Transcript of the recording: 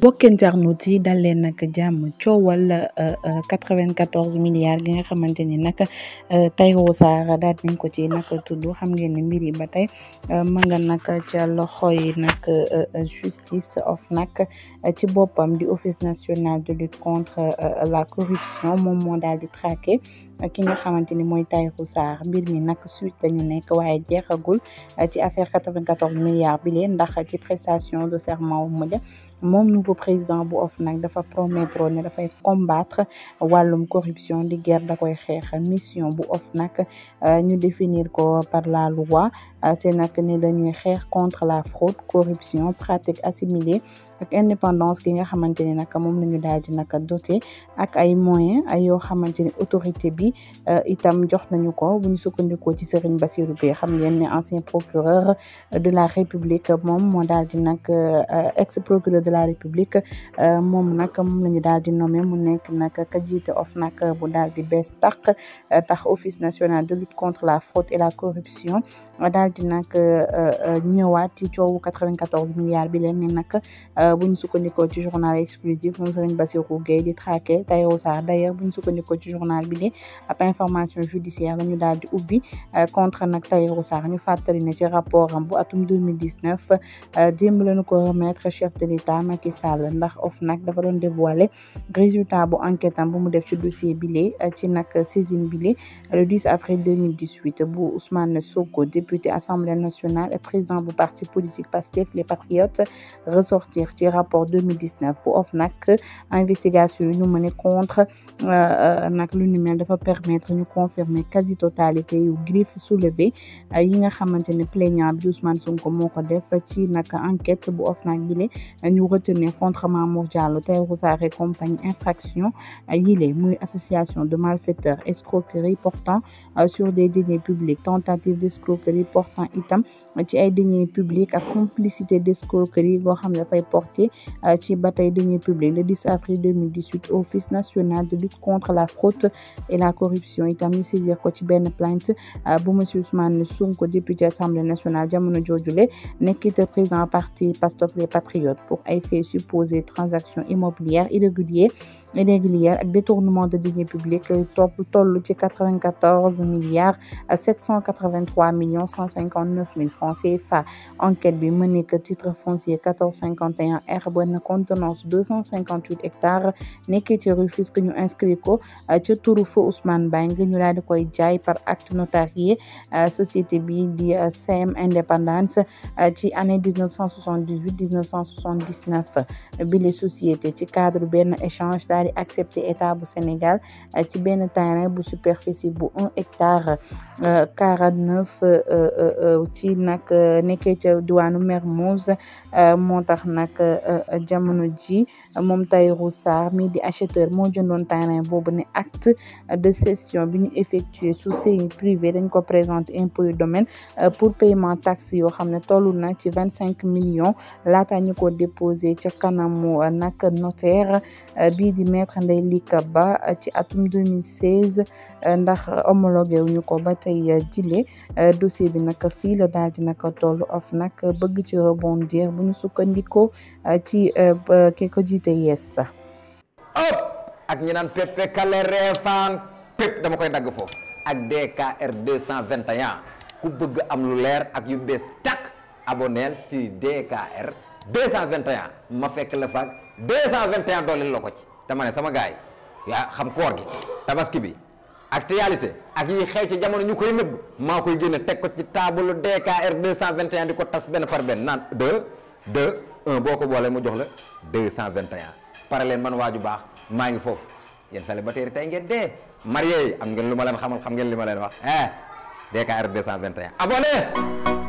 mbokk internautes yi dal leen nag jàmm coowal 94 euh, euh, milliards gi nga xamante ni nag euh, Tahirou Sarr daal nañ ko ci nag tudd xam ngeen ne mbir yi ba tey ma nga nag ca loxo yi nag justice of nag ci boppam di office national de lutte contre la corruption moom moo daal di traqué. ki nga xamante ni mooy Tahirou Sarr mbir mi nag suite lañu nekk waaye jeexagul euh, ci affaire 94 milliards bi leen ndax ci prestation de serment wu mujj moom nouveau président bu of nag dafa promettre ne dafay combattre wàllum corruption di guerre da koy xeex mission bu of OFNAC euh, ñu définir ko par la loi ci nag ni dañuy xeex contre la fraude corruption pratique assimilée ak indépendance gi nga xamante ne nag moom la ñu daal di nag doté ak ay moyen ay yoo xamante ni autorité bi euh, itam jox nañu ko bu ñu sukkandikoo ci Serigne Bassirou Gueye xam ngeen ne ancien procureur de la République moom moo daal di nag euh, ex procureur de la République euh, moom nag moom nañu daal di nommé mu nekk nag ka jiite OFNAC bu daal di bees tax tax office national de lutte contre la fraude la corruption daal di nag ñëwaat ci coowu 94 milliards bi leen ni nag euh, bu ñu sukkandikoo ci journal exclusif moom Serigne Bassirou Gueye di traqué Tahirou Sarr d'ailleurs bu ñu sukkandikoo ci journal bi di ab information judiciaire la ñu ubbi euh, contre nag Tahirou ñu fàttali ci rapport bu atum 2019 euh, démb ko remettre chef de l'État Macky Sall ndax OFNAC dafa doon dévoilé résultat bu enquête bu mu def ci dossier bile ci nag saisine bile le avril 2018 bu Ousmane Sonko député Assemblée nationale et président bu parti politique Pastef les Patriotes ressortir ci rapport 2019 bu OFNAC investigation yi ñu mené contre euh, euh, nag lu ni mel dafa permettre ñu confirmer quasi totalité yu griffe soulevé euh, yi nga xamante ne plaignant bi Ousmane Sonko moo ko def enquête bu OFNAC bi le ñu retenir contre Mamour Diallo Tahirou Sarr compagnie infraction yile muy association de malfaiteurs escroquerie portant sur des deniers publics tentative d'escroquerie sortant itam ci ay deniers publics ak complicité d'escroquerie boo xam ne dafay porté euh, ci ba tey deniers publics le 10 avril 2018 office national de lutte contre la fraude et la corruption itam ñu saisir ko ci benn plainte euh, bu monsieur Ousmane Sonko député assemblée nationale jamono joojule nekkit président parti Pastef les patriotes pour ay faits supposés transactions immobilières irrégulières irrégulière ak détournement de deniers publics euh, topp toll ci 94 milliards 783 euh, millions 159 mille francs CFA enquête bi mené que titre foncier 1451 R benn contenance 258 hectares nekkee ci Rufisque ñu inscrit ko euh, ci turu feu Ousmane Bangue ñu daal di koy jaay par acte notarié société bi di CM Indépendance ci année 1978 1979 bi les sociétés ci cadre benn échange daal di accepté état bu Sénégal euh, ci benn terrain bu superficie bu un hectare euh, quarante neuf euh, ci nag nekkee ca diwaanu Mermoz moo tax nag jamono ji moom Tahirou Sarr mii di acheteur moo jëndoon terrain boobu ne acte de cession bi ñu effectué sous seing privé dañ ko présenté impôt yu domaine pour paiement taxe yoo xam ne tollu na ci vingt cinq millions laata ñu ko déposé ca kanamu nag notaire bii maître Ndeye Lika Ba ci atum 2016 ndax homologué wuñu ko ba tey jile dossier bi nag fii la daal di nag toll of nag bëgg ci rebondir bu ñu sukkandikoo ci ke jiite yees sax ëpp ak ñi naan peppe kale reefaan pépp dama koy dagg foofu ak DKR 221 ku bëgg am lu leer ak yu bees tàkk aboneel ci DKR 221 ma fekk la faag 221 dooleel la ko ci te ma ne sama gaay yaa xam koor gi tabaski bi actualité ak yi xew ci jamono ñu koy nëbb maa koy génne teg ko ci taabalu DKR 221 di ko tas benn par benn naan 2 de 1 boo ko boolee mu jox la de 221 par leen man waaju baax maa ngi foofu yéen célibataire tey ngeen dee marié yi am ngeen lu ma leen xamal xam ngeen li ma leen wax eh DKR 221 abonné